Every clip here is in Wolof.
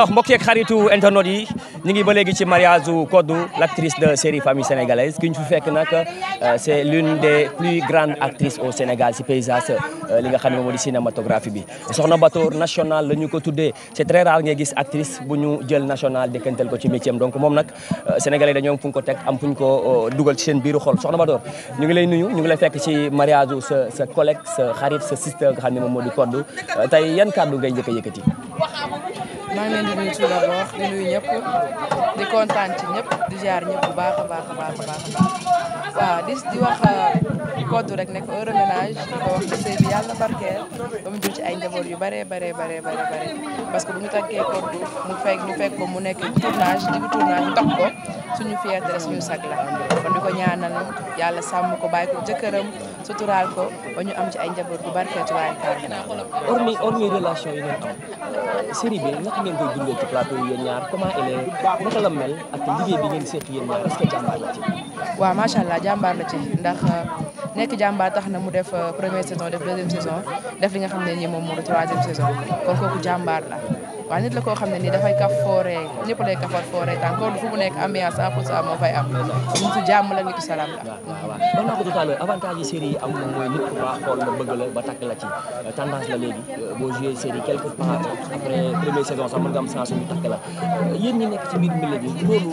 alors suis suis internet yi ngi ba ci l'actrice de série famille sénégalaise euh, c'est l'une des plus grandes actrices au Sénégal c'est paysage euh, li nga cinématographie national c'est très rare que gis actrice bu ñu jël national métier donc euh, sénégalais nous fu ko je am ko suis ci biiru xol soxna collègue sister maa ngi leen di nuyu di nuyu ñëpp di kontaan ci ñëpp di jaar ñëpp bu baax a baax a baax baax waaw di wax koddu rek nekk heureux di ko wax ne sëy bi yàlla barkeel ba jur ci ay njaboot yu bare bare bare bare parce que bu ñu takkee koddu mu fekk ñu fekk ko mu nekk tournage diggu tournage tax ko suñu fierté la suñu sag la kon di ko ñaanal yàlla sàmm ko bàyyi ko jëkkëram suturaal ko ba ñu am ci ay njaboot bu barkeel ci waaye kàddu gi. hormis relation yi ngeen am bi naka ngeen ci plateau naka la mel ak liggéey bi ngeen seq yéen ñaar est-ce que jàmbaar la ci. waaw macha allah jàmbaar la ci ndax euh, nekk jàmbaar tax na mu def euh, première saison def deuxième saison def li nga xam ne nii moom moo di troisième saison kon kooku jàmbaar la. waaye nit la koo xam ne nii dafay kaf foore ñëpp lay kafar foore tant que fu mu nekk ambiance 100 pour 100 moo fay am nit ku jàmm la nit ku salaam la. waaw waaw wax naa ko tout à l'heure avantage yi série yi am moom mooy nit ku baax xool nga bëgg la ba takk la ci euh, tendance la léegi euh, boo joué série quelque part après première saison sax mën nga am chance ñu takk la euh, yéen ñi nekk ci biir mbir bi loolu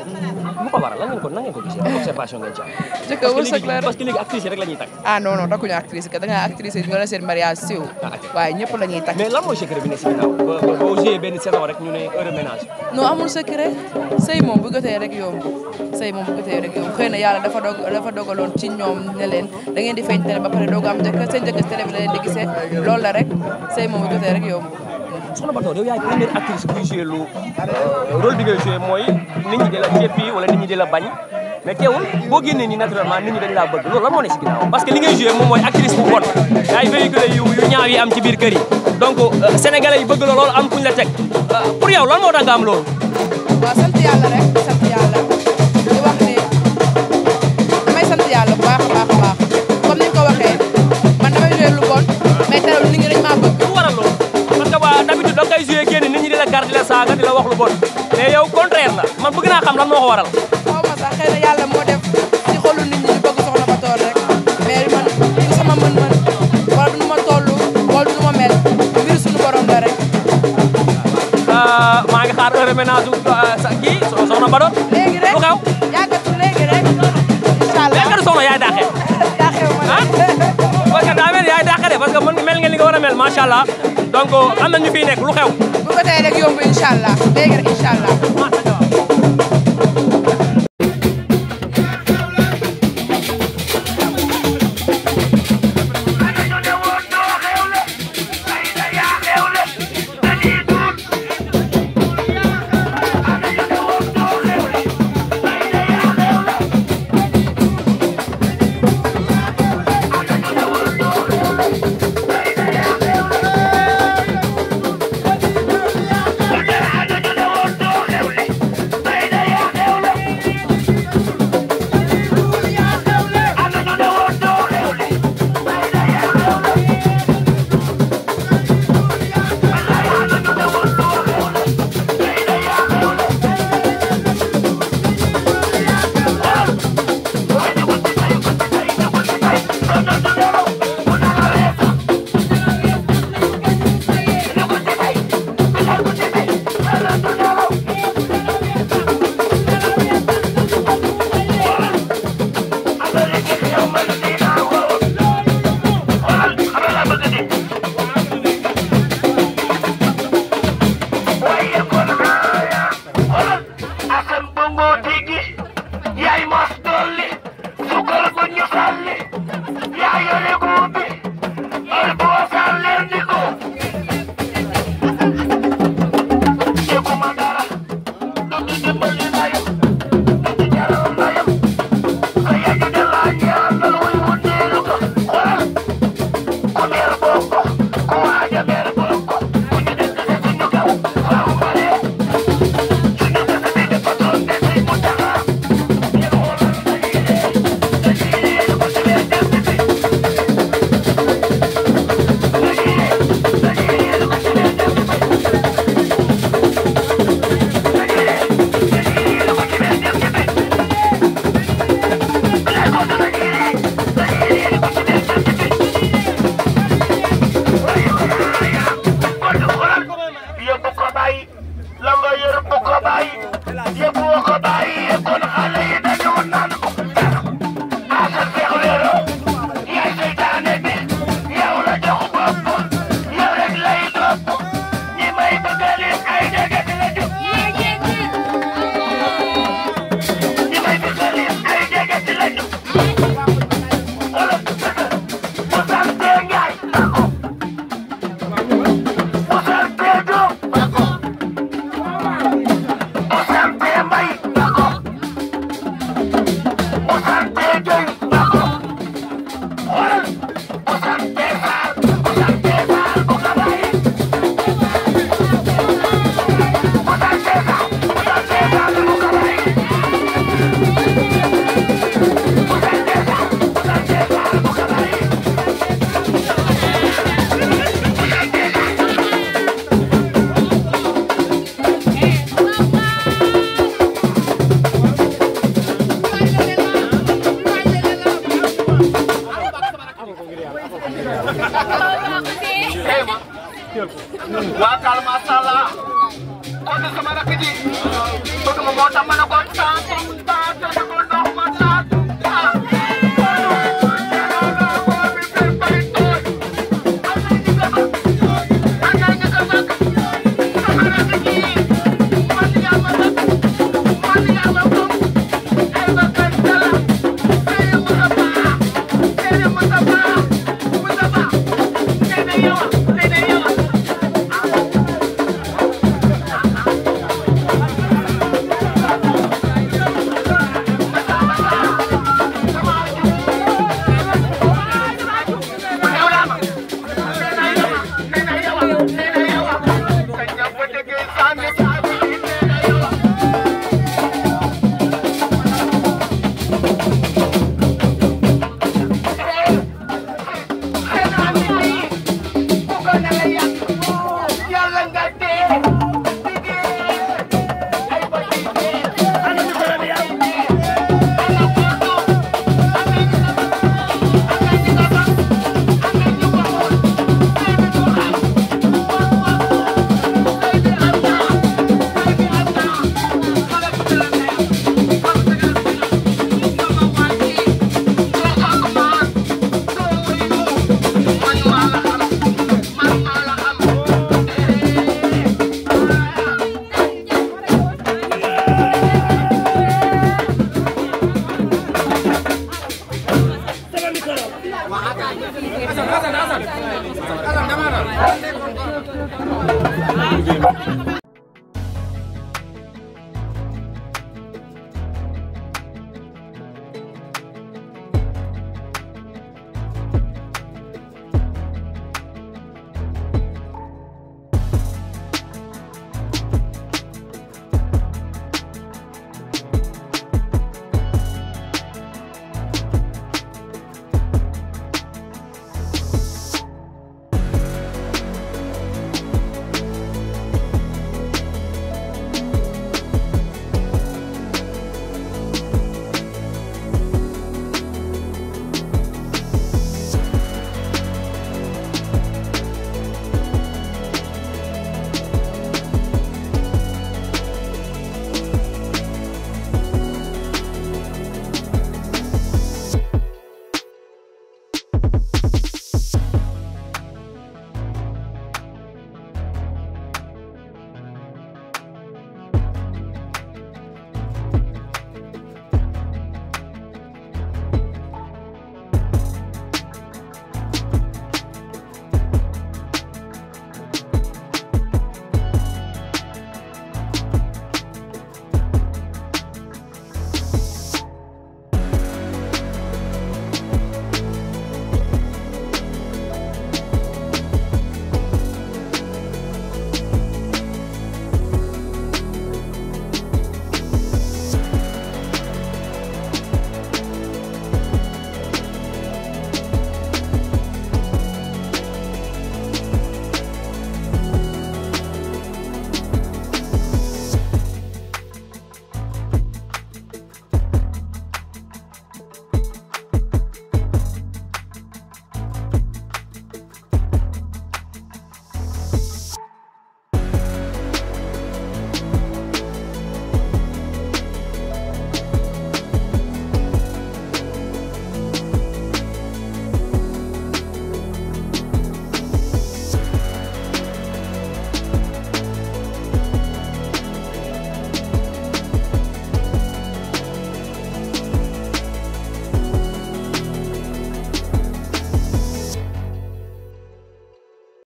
lu ko waral lan ngeen ko nan ngeen ko gisee observation ngeen ci am. jëkk wërsëg la parce que léegi actrice rek la ñuy takk. ah non non takkuñu actrice que da ngaa actrice yi ñu la seen mariage siiw ah, waaye ñëpp la ñuy takk mais lan mooy secret bi ne si ginnaaw boo joué benn saison rek ñu ne heure ménage. non amul secret sëy moom bu gëtee rek yomb sëy moom bu gëtee na yàlla dafa dog dafa dogaloon ci ñoom ne leen da ngeen di feeñ télé ba pare doog am jëkkër seen jëkkër télé bi la leen di gisee loolu la rek sëy moom bu gëtee rek yomb. soxna Bator yow yaay première actrice lu euh, rôle bi ngay joué mooy nit ñi di la jéppi wala nit ñi di la bañ. mais teewul boo génnee nii naturellement nit ñi dañ laa bëgg loolu lan moo ne si ginnaaw parce que li ngay joué moom mooy actrice bu bon yaay véhiculé yu yu ñaaw am ci biir kër yi donc euh, sénégalais yi bëgg la loolu am kuñ la teg euh, pour yow lan moo am loolu. waaw sant yàlla rek sant yàlla di wax ne damay sant yàlla bu baax a baax a baax comme ko waxee man damay joué lu bon mais terewul nit ñi dañ maa bëgg. waral loolu parce que waa d'habitude da ngay joué génn nit ñi la gar saaga di wax lu bon mais yow la man bëgg naa xam lan waral. xaw ma sax xëy na moo def. xaar heure ménage sa kii soxna Badone. léegi rek lu xew. yàggatu léegi rek. incha allah léegi soxna yaay daaxee. daaxee ma ah. parce que daa mel yaay daaxee de parce que mën mel nga li nga war a mel macha allah donc am na ñu fiy nekk lu xew. bu ko tey rek yomb incha allah léegi rek wakal masalah kono kemana kiji kono mau mana kontak